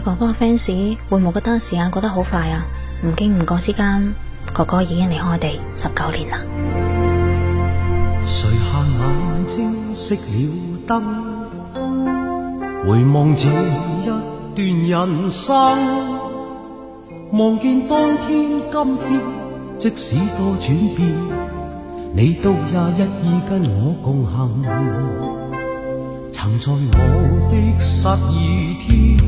哥哥 fans 會唔會覺得時間過得好快啊？唔經唔覺之間，哥哥已經離開我哋十九年啦。垂下眼睛，熄了燈，回望這一段人生，望見當天今天，即使多轉變，你都也一意跟我共行。曾在我的失意天。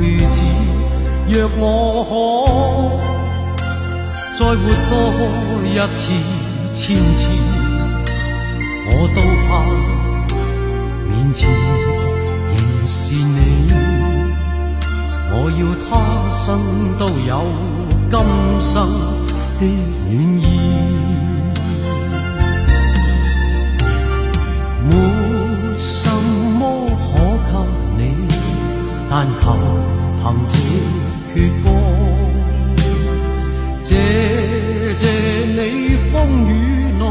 句子，若我可再活多一次、千次，我都怕面前仍是你。我要他生都有今生的暖意。但求憑這闋歌，謝謝你風雨內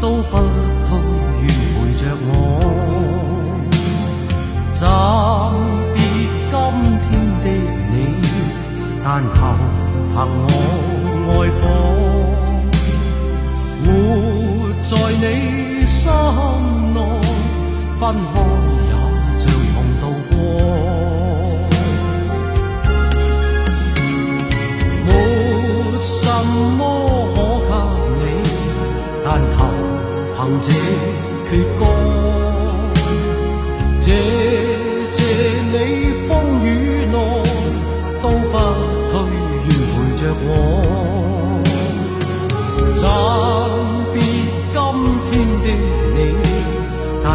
都不退願陪着我。暫別今天的你，但求憑我愛火活在你心內分開。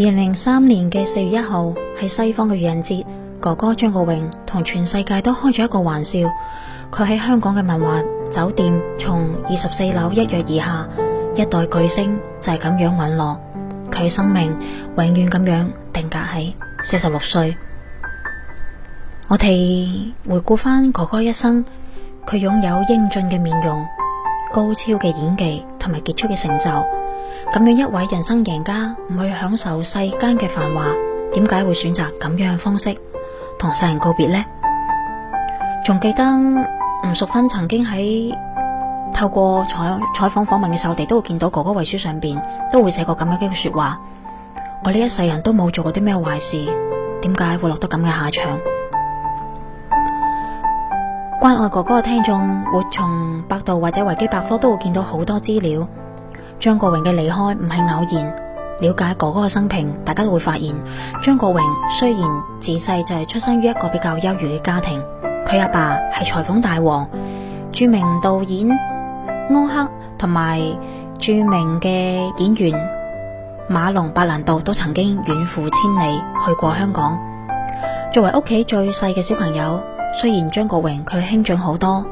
二零零三年嘅四月一號喺西方嘅愚人節，哥哥張國榮同全世界都開咗一個玩笑。佢喺香港嘅文華酒店從二十四樓一躍而下，一代巨星就係咁樣隕落。佢生命永遠咁樣定格喺四十六歲。我哋回顧翻哥哥一生，佢擁有英俊嘅面容、高超嘅演技同埋傑出嘅成就。咁樣一位人生贏家唔去享受世間嘅繁華，點解會選擇咁樣嘅方式同世人告別呢？仲記得吳淑芬曾經喺透過採採訪訪問嘅時候，我哋都會見到哥哥遺書上邊都會寫過咁樣幾句說話：我呢一世人都冇做過啲咩壞事，點解會落到咁嘅下場？關愛哥哥嘅聽眾會從百度或者維基百科都會見到好多資料。張國榮嘅離開唔係偶然。了解哥哥嘅生平，大家都會發現，張國榮雖然自細就係出生於一個比較優越嘅家庭，佢阿爸係裁縫大王，著名導演柯克同埋著名嘅演員馬龍·白蘭度都曾經遠赴千里去過香港。作為屋企最細嘅小朋友，雖然張國榮佢兄長好多，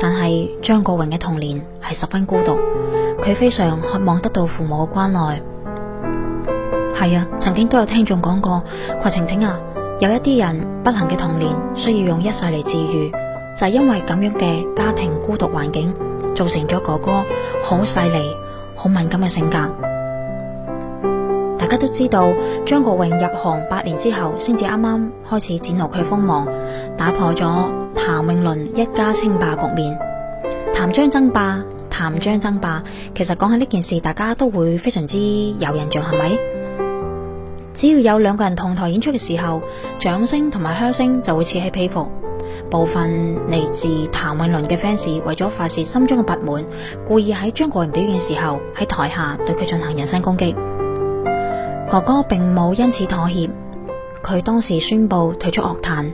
但係張國榮嘅童年係十分孤獨。佢非常渴望得到父母嘅關愛，係啊，曾經都有聽眾講過，話晴晴啊，有一啲人不幸嘅童年，需要用一世嚟治愈，就係因為咁樣嘅家庭孤獨環境，造成咗哥哥好細膩、好敏感嘅性格。大家都知道，張國榮入行八年之後，先至啱啱開始展露佢鋒芒，打破咗譚詠麟一家稱霸局面，譚張爭霸。譚張爭霸，其實講起呢件事，大家都會非常之有印象，係咪？只要有兩個人同台演出嘅時候，掌聲同埋噓聲就會此起彼伏。部分嚟自譚詠麟嘅 fans 為咗發泄心中嘅不滿，故意喺張國榮表演嘅時候喺台下對佢進行人身攻擊。哥哥並冇因此妥協，佢當時宣布退出樂壇。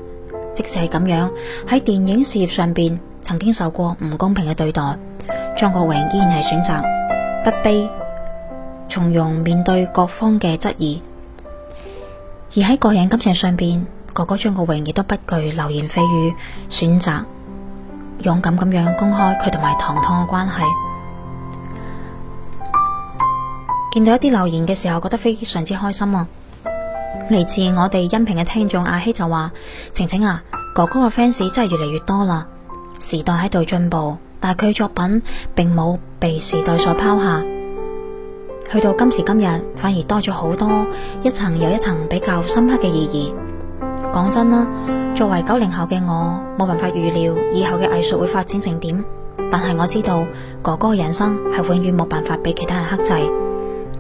即使係咁樣，喺電影事業上邊曾經受過唔公平嘅對待。張國榮依然係選擇不悲，從容面對各方嘅質疑。而喺個人感情上邊，哥哥張國榮亦都不懼流言蜚語，選擇勇敢咁樣公開佢同埋唐唐嘅關係。見到一啲留言嘅時候，覺得非常之開心啊！嚟自我哋音評嘅聽眾阿希就話：晴晴啊，哥哥嘅 fans 真係越嚟越多啦，時代喺度進步。但佢作品並冇被時代所拋下，去到今時今日，反而多咗好多一層又一層比較深刻嘅意義。講真啦，作為九零後嘅我，冇辦法預料以後嘅藝術會發展成點。但係我知道哥哥嘅人生係永遠冇辦法俾其他人克制，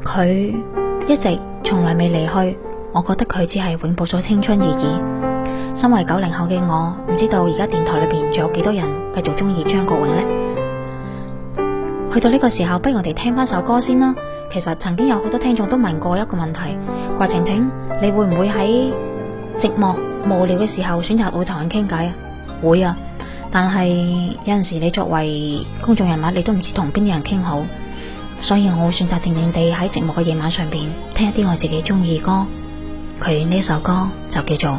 佢一直從來未離去。我覺得佢只係永葆咗青春而已。身為九零後嘅我，唔知道而家電台裏邊仲有幾多人繼續中意張國榮呢？去到呢個時候，不如我哋聽翻首歌先啦。其實曾經有好多聽眾都問過一個問題，話晴晴你會唔會喺寂寞無聊嘅時候選擇會同人傾偈啊？會啊，但係有陣時你作為公眾人物，你都唔知同邊啲人傾好，所以我會選擇靜靜地喺寂寞嘅夜晚上邊聽一啲我自己中意嘅歌。佢呢首歌就叫做。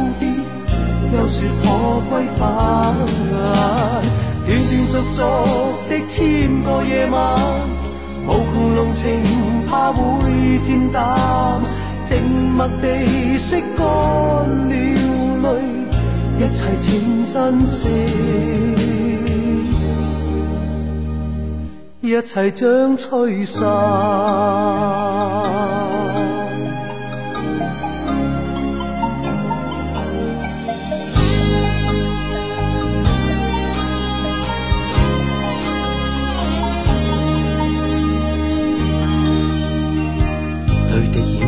又說可歸返，啊，斷斷續續的千個夜晚，無窮濃情怕會漸淡，靜默地拭乾了淚，一切請珍惜，一切將吹散。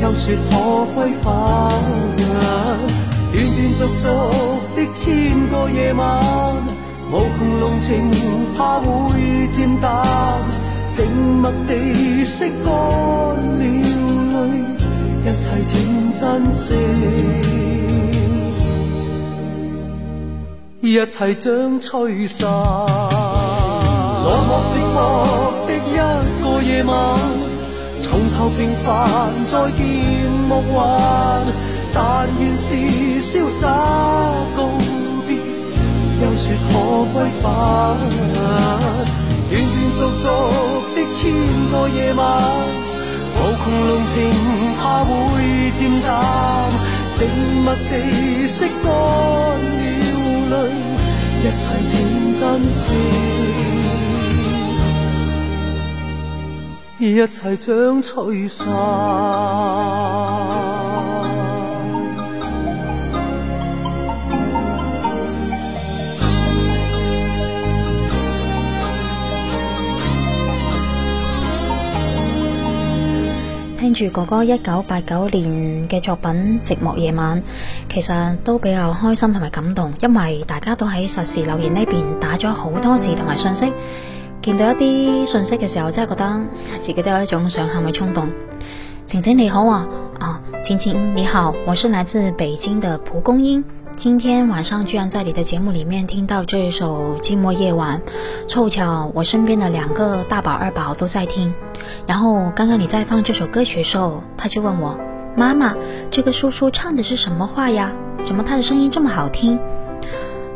又說可歸返。啊，斷斷續續的千個夜晚，無窮濃情怕會漸淡，靜默地拭乾了淚，一切請珍惜，一切將吹散，落寞寂寞的一個夜晚。從頭平凡再見夢幻，但願是瀟灑告別，休說可歸返。斷斷續續的千個夜晚，無窮濃情怕會漸淡，靜默地拭乾了淚，一切請珍惜。一切將吹散。聽住哥哥一九八九年嘅作品《寂寞夜晚》，其實都比較開心同埋感動，因為大家都喺實時留言呢邊打咗好多字同埋信息。聽到一啲信息嘅時候，真係覺得自己都有一種想喊嘅衝動。晴晴你好啊，啊，晴晴你好，我是來自北京的蒲公英。今天晚上居然在你的節目裏面聽到這一首寂寞夜晚，湊巧我身邊的兩個大寶二寶都在聽。然後剛剛你在放這首歌曲的時候，他就問我媽媽，這個叔叔唱的是什麼話呀？怎麼他的聲音這麼好聽？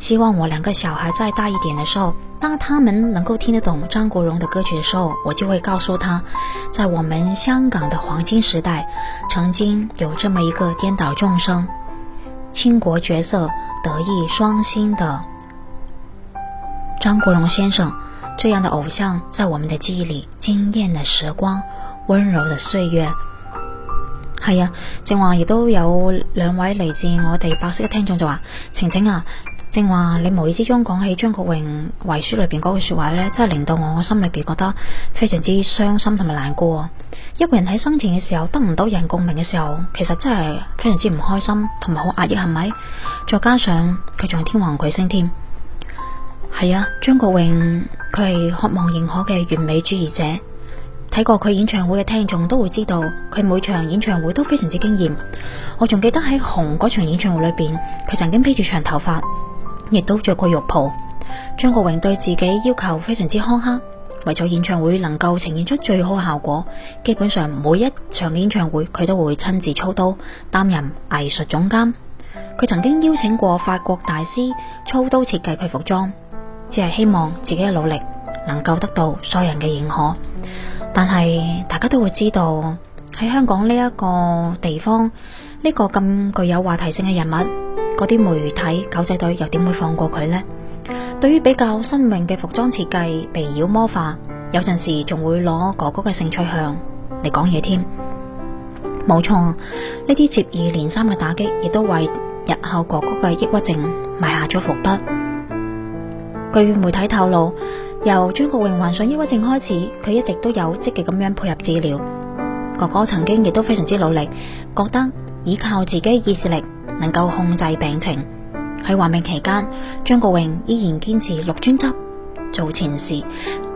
希望我兩個小孩再大一點的時候，當他們能夠聽得懂張國榮的歌曲的時候，我就會告訴他，在我們香港的黃金時代，曾經有這麼一個顛倒眾生、傾國絕色得意、德藝雙馨的張國榮先生。這樣的偶像，在我們的記憶裏，驚艷的時光，温柔的歲月。係、哎、啊，正話亦都有兩位嚟自我哋百色嘅聽眾就話：晴晴啊。正話你無意之中講起張國榮遺書裏邊嗰句說話呢，真係令到我心裏邊覺得非常之傷心同埋難過。一個人喺生前嘅時候得唔到人共鳴嘅時候，其實真係非常之唔開心同埋好壓抑，係咪？再加上佢仲係天王巨星添。係啊，張國榮佢係渴望認可嘅完美主義者。睇過佢演唱會嘅聽眾都會知道，佢每場演唱會都非常之驚艷。我仲記得喺紅嗰場演唱會裏邊，佢曾經披住長頭髮。亦都着過浴袍。張國榮對自己要求非常之苛刻，為咗演唱會能夠呈現出最好效果，基本上每一場演唱會佢都會親自操刀，擔任藝術總監。佢曾經邀請過法國大師操刀設計佢服裝，只係希望自己嘅努力能夠得到所有人嘅認可。但係大家都會知道喺香港呢一個地方，呢個咁具有話題性嘅人物。嗰啲媒體狗仔隊又點會放過佢呢？對於比較新穎嘅服裝設計被妖魔化，有陣時仲會攞哥哥嘅性取向嚟講嘢添。冇錯，呢啲接二連三嘅打擊，亦都為日後哥哥嘅抑鬱症埋下咗伏筆。據媒體透露，由張國榮患上抑鬱症開始，佢一直都有積極咁樣配合治療。哥哥曾經亦都非常之努力，覺得依靠自己意志力，能夠控制病情。喺患病期間，張國榮依然堅持錄專輯、做前事，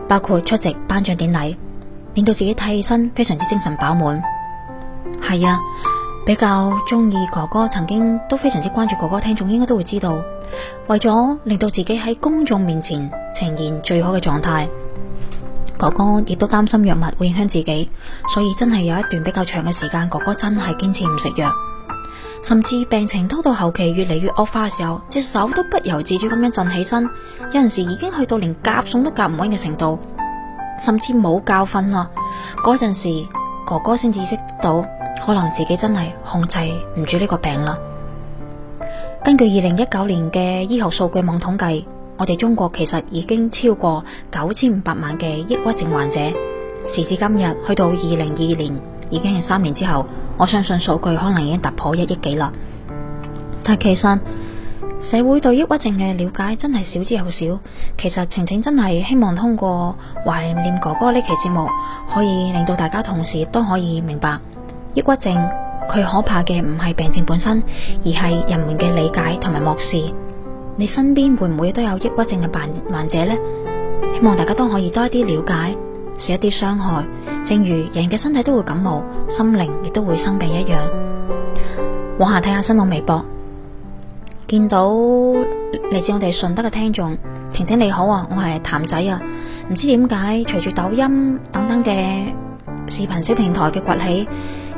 包括出席頒獎典禮，令到自己睇起身非常之精神飽滿。係啊，比較中意哥哥，曾經都非常之關注哥哥聽。聽眾應該都會知道，為咗令到自己喺公眾面前呈現最好嘅狀態，哥哥亦都擔心藥物會影響自己，所以真係有一段比較長嘅時間，哥哥真係堅持唔食藥。甚至病情拖到後期越嚟越惡化嘅時候，隻手都不由自主咁樣震起身，有陣時已經去到連夾餸都夾唔穩嘅程度，甚至冇覺瞓啦。嗰陣時哥哥先至意識到，可能自己真係控制唔住呢個病啦。根據二零一九年嘅醫學數據網統計，我哋中國其實已經超過九千五百萬嘅抑鬱症患者。時至今日，去到二零二二年，已經係三年之後。我相信數據可能已經突破一億幾啦，但其實社會對抑鬱症嘅了解真係少之又少。其實晴晴真係希望通過懷念哥哥呢期節目，可以令到大家同時都可以明白抑鬱症佢可怕嘅唔係病症本身，而係人們嘅理解同埋漠視。你身邊會唔會都有抑鬱症嘅患患者呢？希望大家都可以多一啲了解。是一啲傷害，正如人嘅身體都會感冒，心靈亦都會生病一樣。往下睇下新浪微博，見到嚟自我哋順德嘅聽眾，晴晴你好啊，我係譚仔啊，唔知點解隨住抖音等等嘅視頻小平台嘅崛起，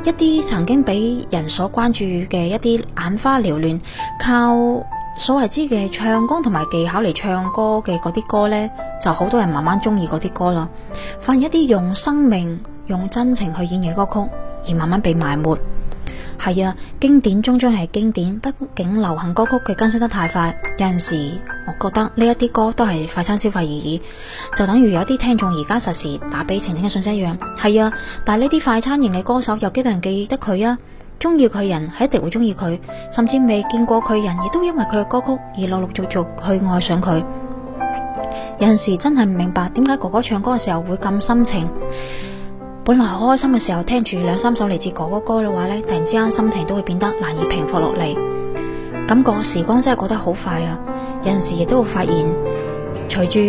一啲曾經俾人所關注嘅一啲眼花繚亂，靠。所謂知嘅唱功同埋技巧嚟唱歌嘅嗰啲歌呢，就好多人慢慢中意嗰啲歌啦。反而一啲用生命、用真情去演繹歌曲而慢慢被埋沒，係啊，經典終將係經典。畢竟流行歌曲佢更新得太快，有陣時我覺得呢一啲歌都係快餐消費而已，就等於有啲聽眾而家實時打俾晴晴嘅信息一樣。係啊，但係呢啲快餐型嘅歌手又幾多人記得佢啊？中意佢人係一定會中意佢，甚至未見過佢人亦都因為佢嘅歌曲而陸陸陸續續去愛上佢。有陣時真係唔明白點解哥哥唱歌嘅時候會咁深情，本來好開心嘅時候聽住兩三首嚟自哥哥歌嘅話呢，突然之間心情都會變得難以平復落嚟。感覺時光真係過得好快啊！有陣時亦都會發現。隨住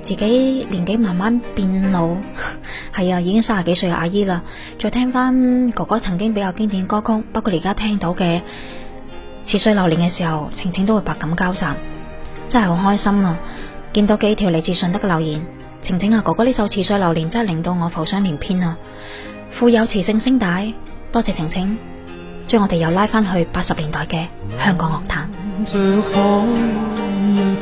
自己年紀慢慢變老，係 啊，已經三十幾歲阿姨啦。再聽翻哥哥曾經比較經典歌曲，包括而家聽到嘅《似水流年》嘅時候，晴晴都會百感交集，真係好開心啊！見到幾條嚟自順德嘅留言，晴晴啊，哥哥呢首《似水流年》真係令到我浮想聯翩啊！富有磁性聲帶，多謝晴晴，將我哋又拉返去八十年代嘅香港樂壇。嗯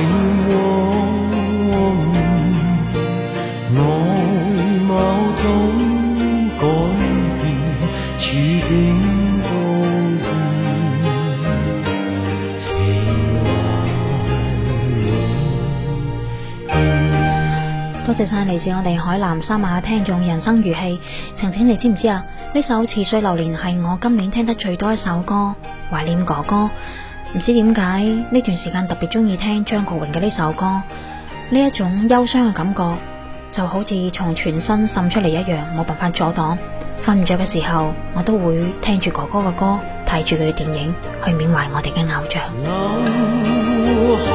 多謝晒嚟自我哋海南三亞嘅聽眾，人生如戲。晴晴，你知唔知啊？呢首《似水流年》係我今年聽得最多一首歌，懷念哥哥。唔知點解呢段時間特別中意聽張國榮嘅呢首歌，呢一種憂傷嘅感覺就好似從全身滲出嚟一樣，冇辦法阻擋。瞓唔着嘅時候，我都會聽住哥哥嘅歌，睇住佢嘅電影，去緬懷我哋嘅偶像。啊哦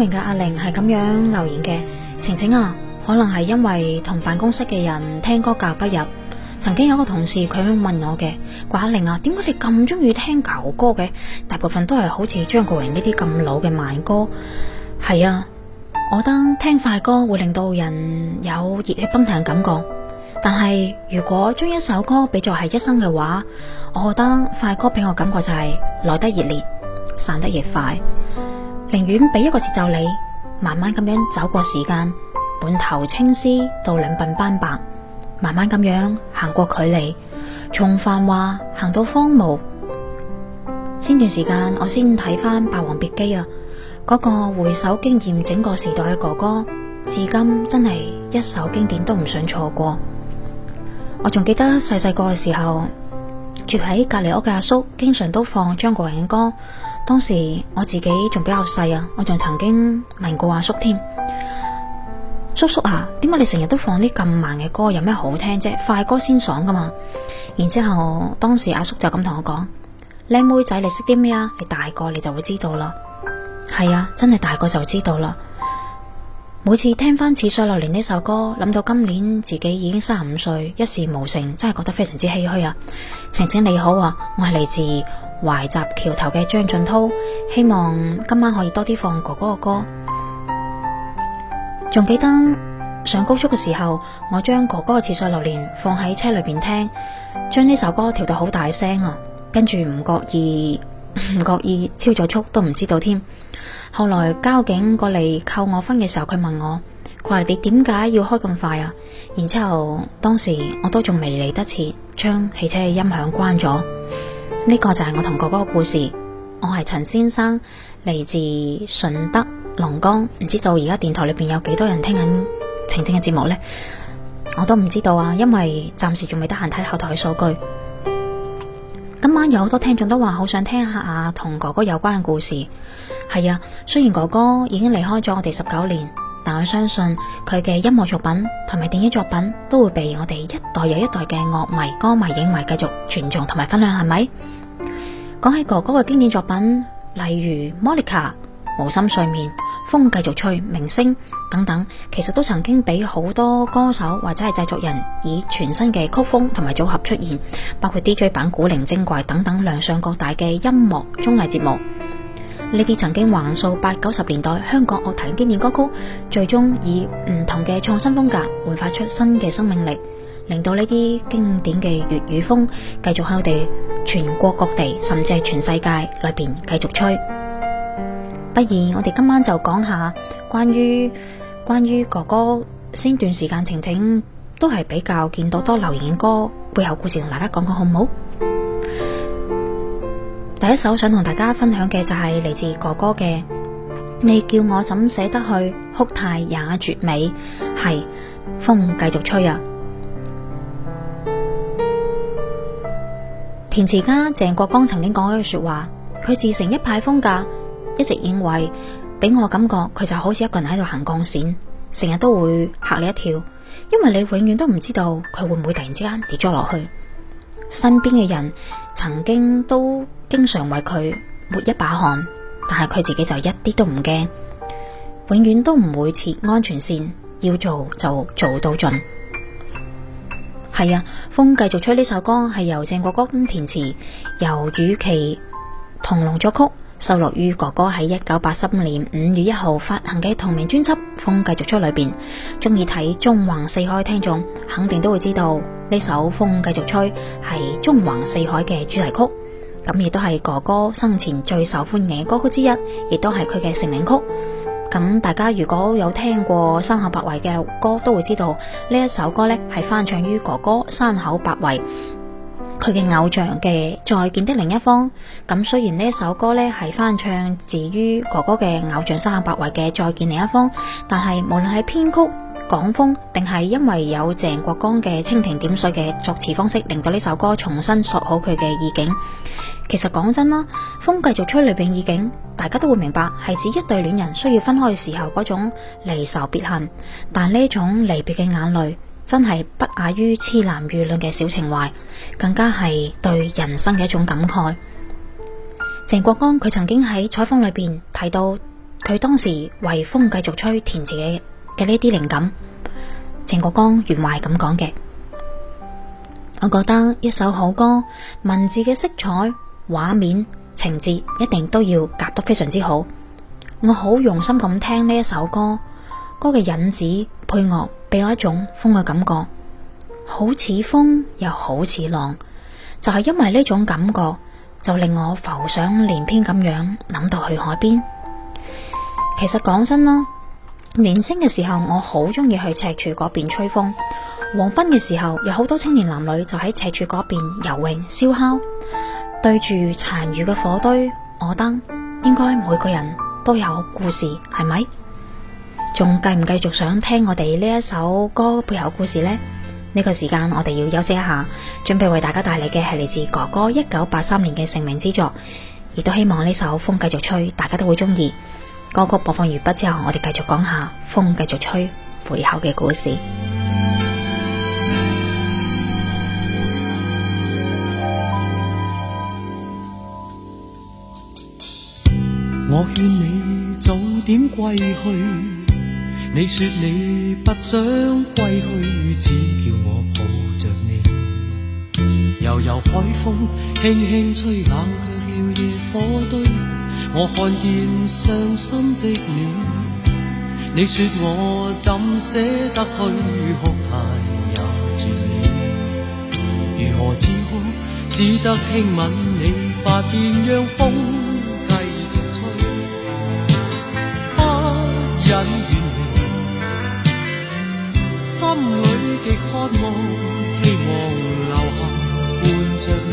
明嘅阿玲係咁樣留言嘅，晴晴啊，可能係因為同辦公室嘅人聽歌格不入。曾經有個同事佢向問我嘅，阿玲啊，點解你咁中意聽舊歌嘅？大部分都係好似張國榮呢啲咁老嘅慢歌。係啊，我覺得聽快歌會令到人有熱血奔騰嘅感覺。但係如果將一首歌比作係一生嘅話，我覺得快歌俾我感覺就係來得熱烈，散得亦快。寧願俾一個節奏你，慢慢咁樣走過時間，滿頭青絲到兩鬢斑白，慢慢咁樣行過距離，從繁華行到荒蕪。先段時間我先睇翻《霸王別姬》啊，嗰個回首驚艷整個時代嘅哥哥，至今真係一首經典都唔想錯過。我仲記得細細個嘅時候，住喺隔籬屋嘅阿叔，經常都放張國榮嘅歌。當時我自己仲比較細啊，我仲曾經問過阿叔添，叔叔啊，點解你成日都放啲咁慢嘅歌？有咩好聽啫？快歌先爽噶嘛！然之後當時阿叔就咁同我講：靚 妹仔，你識啲咩啊？你大個你就會知道啦。係 啊，真係大個就知道啦。每次聽翻《似水流年》呢首歌，諗到今年自己已經三十五歲，一事無成，真係覺得非常之唏嘘啊！晴晴你好啊，我係嚟自。懷集橋頭嘅張俊濤希望今晚可以多啲放哥哥嘅歌。仲記得上高速嘅時候，我將哥哥嘅《似水流年》放喺車裏邊聽，將呢首歌調到好大聲啊！跟住唔覺意唔覺意，超咗速都唔知道添。後來交警過嚟扣我分嘅時候，佢問我，佢話你點解要開咁快啊？然之後當時我都仲未嚟得切將汽車嘅音響關咗。呢個就係我同哥哥嘅故事，我係陳先生，嚟自順德龍江，唔知道而家電台裏邊有幾多人聽緊晴晴嘅節目呢？我都唔知道啊，因為暫時仲未得閒睇後台嘅數據。今晚有好多聽眾都話好想聽下同哥哥有關嘅故事，係啊，雖然哥哥已經離開咗我哋十九年。但我相信佢嘅音樂作品同埋電影作品都會被我哋一代又一代嘅樂迷、歌迷、影迷繼續傳頌同埋分享，係咪？講起哥哥嘅經典作品，例如《Monica》、《無心睡眠》、《風繼續吹》、《明星》等等，其實都曾經俾好多歌手或者係製作人以全新嘅曲風同埋組合出現，包括 DJ 版、古靈精怪等等，亮相各大嘅音樂綜藝節目。呢啲曾經橫掃八九十年代香港樂壇經典歌曲，最終以唔同嘅創新風格煥發出新嘅生命力，令到呢啲經典嘅粵語風繼續喺我哋全國各地，甚至係全世界裏邊繼續吹。不如我哋今晚就講下關於關於哥哥，先段時間晴晴都係比較見到多留言嘅歌，背後故事，同大家講講好唔好？一首想同大家分享嘅就係嚟自哥哥嘅，你叫我怎捨得去哭？太也絕美，係風繼續吹啊！填詞家鄭國江曾經講一句說話，佢自成一派風格，一直認為俾我感覺佢就好似一個人喺度行鋼線，成日都會嚇你一跳，因為你永遠都唔知道佢會唔會突然之間跌咗落去，身邊嘅人。曾經都經常為佢抹一把汗，但係佢自己就一啲都唔驚，永遠都唔會設安全綫，要做就做到盡。係啊，風繼續吹呢首歌係由鄭國江填詞，由羽其同龍作曲，收錄於哥哥喺一九八五年五月一號發行嘅同名專輯《風繼續吹》裏邊。鍾意睇縱橫四海聽眾肯定都會知道。呢首風繼續吹係縱橫四海嘅主題曲，咁亦都係哥哥生前最受歡迎嘅歌曲之一，亦都係佢嘅成名曲。咁大家如果有聽過山口百惠嘅歌，都會知道呢一首歌呢係翻唱於哥哥山口百惠佢嘅偶像嘅再見的另一方。咁雖然呢一首歌呢係翻唱自於哥哥嘅偶像山口百惠嘅再見另一方，但係無論係編曲。港風，定係因為有鄭國江嘅蜻蜓點水嘅作詞方式，令到呢首歌重新索好佢嘅意境。其實講真啦，風繼續吹裏邊意境，大家都會明白係指一對戀人需要分開嘅時候嗰種離愁別恨。但呢種離別嘅眼淚，真係不亞於痴男怨女嘅小情懷，更加係對人生嘅一種感慨。鄭國江佢曾經喺採訪裏邊提到，佢當時為風繼續吹填自己。嘅呢啲靈感，鄭國江原話係咁講嘅。我覺得一首好歌，文字嘅色彩、畫面、情節一定都要夾得非常之好。我好用心咁聽呢一首歌，歌嘅引子配、配樂俾我一種風嘅感覺，好似風又好似浪，就係、是、因為呢種感覺，就令我浮想聯翩咁樣諗到去海邊。其實講真啦。年青嘅時候，我好中意去赤柱嗰邊吹風。黃昏嘅時候，有好多青年男女就喺赤柱嗰邊游泳、燒烤，對住殘餘嘅火堆，我諗應該每個人都有故事，係咪？仲繼唔繼續想聽我哋呢一首歌嘅背後故事呢？呢個時間我哋要休息一下，準備為大家帶嚟嘅係嚟自哥哥一九八三年嘅成名之作，亦都希望呢首風繼續吹，大家都會中意。歌曲播放完畢之後，我哋繼續講下風繼續吹背後嘅故事。我勸你早點歸去，你說你不想歸去，只叫我抱着你。悠悠海風輕輕吹，冷卻了野火堆。我看見傷心的你，你説我怎捨得去，哭態也絕美。如何止哭？只得輕吻你髮邊，讓風繼續吹。不忍遠離，心裏極渴望，希望留下伴着你。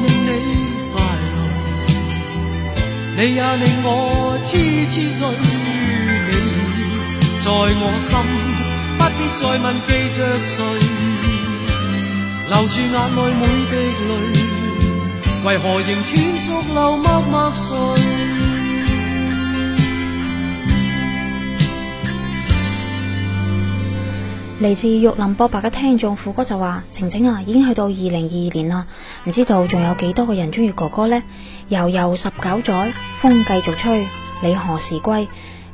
你也、啊、令我痴痴醉於你，你已在我心，不必再問記着誰，留住眼內每滴淚，為何仍斷續流默默垂？嚟自玉林博白嘅聽眾虎哥就話：晴晴啊，已經去到二零二二年啦，唔知道仲有幾多個人中意哥哥咧？悠悠十九載，風繼續吹，你何時歸？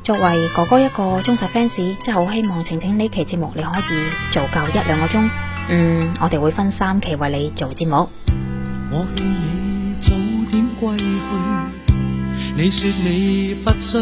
作為哥哥一個忠實 fans，真係好希望晴晴呢期節目你可以做夠一兩個鐘。嗯，我哋會分三期為你做節目。我勸你你你早點歸歸去，去。你說你不想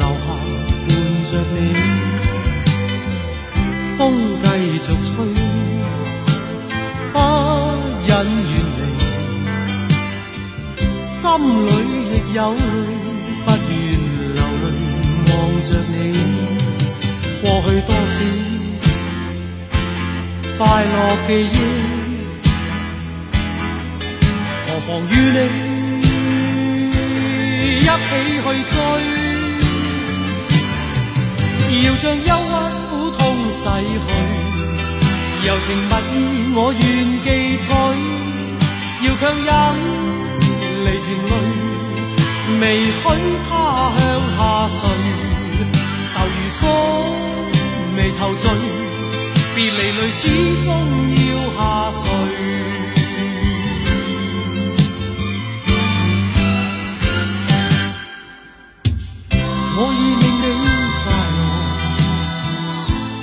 着你，風繼續吹，不忍遠離，心裏亦有淚，不願流淚。望着你，過去多少快樂記憶，何妨與你一起去追。要將憂鬱苦痛洗去，柔情蜜意我願記取。要強忍離情淚，未許它向下垂。愁如鎖，眉頭聚，別離淚始終要下垂。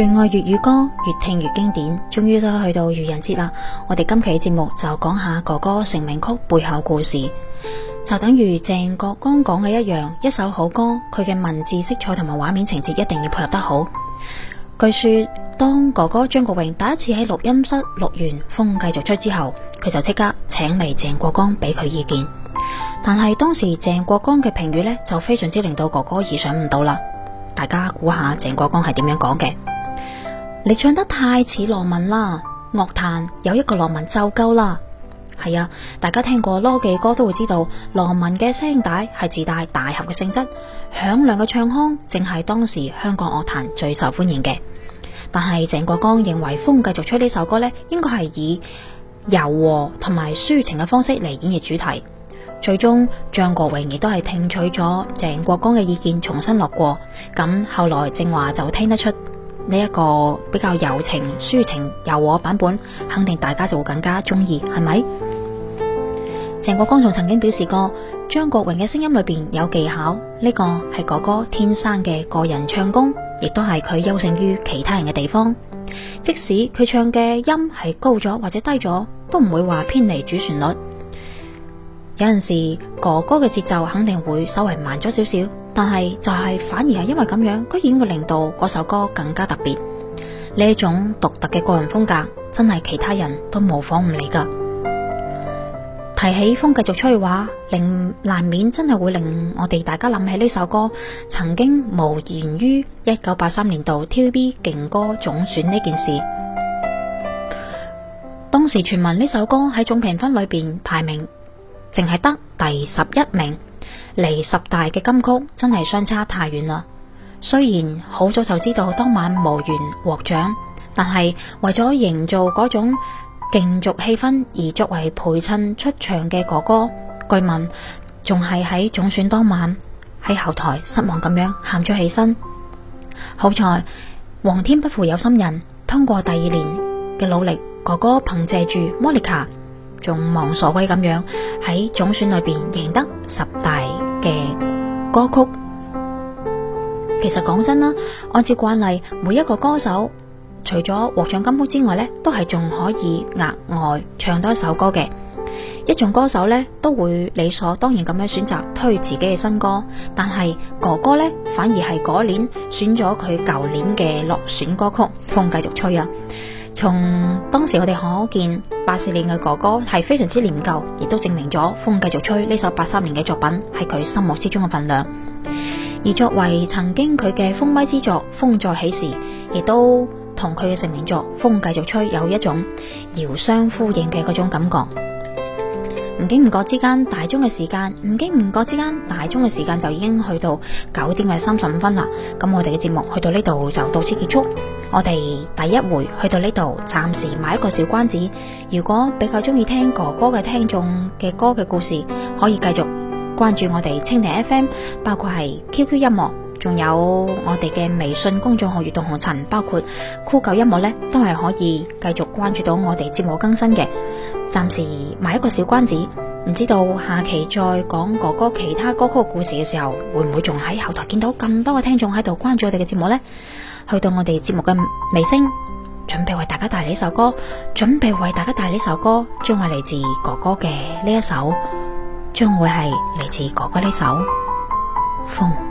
最愛粵語歌，越聽越經典。終於都去到愚人節啦！我哋今期嘅節目就講下哥哥成名曲背後故事，就等於鄭國光講嘅一樣。一首好歌，佢嘅文字色彩同埋畫面情節一定要配合得好。據說當哥哥張國榮第一次喺錄音室錄完《風繼續吹》之後，佢就即刻請嚟鄭國光俾佢意見。但係當時鄭國光嘅評語呢，就非常之令到哥哥意想唔到啦。大家估下鄭國光係點樣講嘅？你唱得太似羅文啦，樂壇有一個羅文就夠啦。係啊，大家聽過羅技歌都會知道羅文嘅聲帶係自帶大俠嘅性質，響亮嘅唱腔正係當時香港樂壇最受歡迎嘅。但係鄭國江認為，風繼續吹呢首歌呢，應該係以柔和同埋抒情嘅方式嚟演繹主題。最終，張國榮亦都係聽取咗鄭國江嘅意見，重新落過。咁後來，正華就聽得出。呢一個比較柔情抒情、柔和版本，肯定大家就會更加鍾意，係咪？鄭國光仲曾經表示過，張國榮嘅聲音裏邊有技巧，呢個係哥哥天生嘅個人唱功，亦都係佢優勝於其他人嘅地方。即使佢唱嘅音係高咗或者低咗，都唔會話偏離主旋律。有陣時，哥哥嘅節奏肯定會稍微慢咗少少。但係就係反而係因為咁樣，居然會令到嗰首歌更加特別。呢一種獨特嘅個人風格，真係其他人都模仿唔嚟噶。提起風繼續吹嘅話，令難免真係會令我哋大家諗起呢首歌曾經無言於一九八三年度 TVB 勁歌總選呢件事。當時傳聞呢首歌喺總評分裏邊排名淨係得第十一名。離十大嘅金曲真係相差太遠啦。雖然好早就知道當晚無緣獲獎，但係為咗營造嗰種競逐氣氛而作為陪襯出場嘅哥哥，據聞仲係喺總選當晚喺後台失望咁樣喊咗起身。好彩皇天不負有心人，通過第二年嘅努力，哥哥憑借住 Monica 仲忙傻鬼咁樣喺總選裏邊贏得十大嘅歌曲，其實講真啦，按照慣例，每一個歌手除咗獲獎金曲之外呢，都係仲可以額外唱多一首歌嘅。一眾歌手呢，都會理所當然咁樣選擇推自己嘅新歌，但係哥哥呢，反而係嗰年選咗佢舊年嘅落選歌曲，風繼續吹啊！從當時我哋可見，八四年嘅哥哥係非常之念舊，亦都證明咗風繼續吹呢首八三年嘅作品係佢心目之中嘅份量。而作為曾經佢嘅風靡之作《風再起時》，亦都同佢嘅成名作《風繼續吹》有一種遙相呼應嘅嗰種感覺。唔經唔覺之間，大鐘嘅時間；唔經唔覺之間，大鐘嘅時間就已經去到九點嘅三十五分啦。咁我哋嘅節目去到呢度就到此結束。我哋第一回去到呢度，暫時買一個小關子。如果比較鍾意聽哥哥嘅聽眾嘅歌嘅故事，可以繼續關注我哋蜻蜓 FM，包括係 QQ 音樂。仲有我哋嘅微信公眾號閱讀紅塵，包括酷狗音樂咧，都係可以繼續關注到我哋節目更新嘅。暫時賣一個小關子，唔知道下期再講哥哥其他歌曲故事嘅時候，會唔會仲喺後台見到更多嘅聽眾喺度關注我哋嘅節目咧？去到我哋節目嘅尾聲，準備為大家帶嚟一首歌，準備為大家帶嚟一首歌，將係嚟自哥哥嘅呢一首，將會係嚟自哥哥呢首風。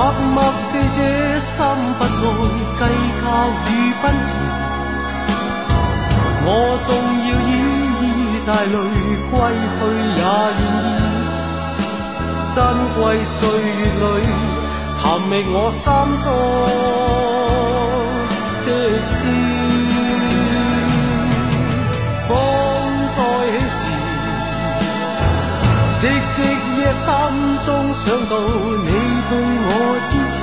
默默地，這心不再計較與奔馳。我縱要依依帶淚歸去也願意。珍貴歲月裏，尋覓我心中的詩，風再起時，寂寂。心中想到你對我支持，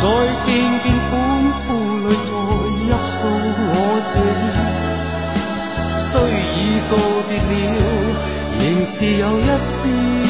再聽見歡呼裏在泣訴我謝意， 雖已告別了，仍是 有一絲。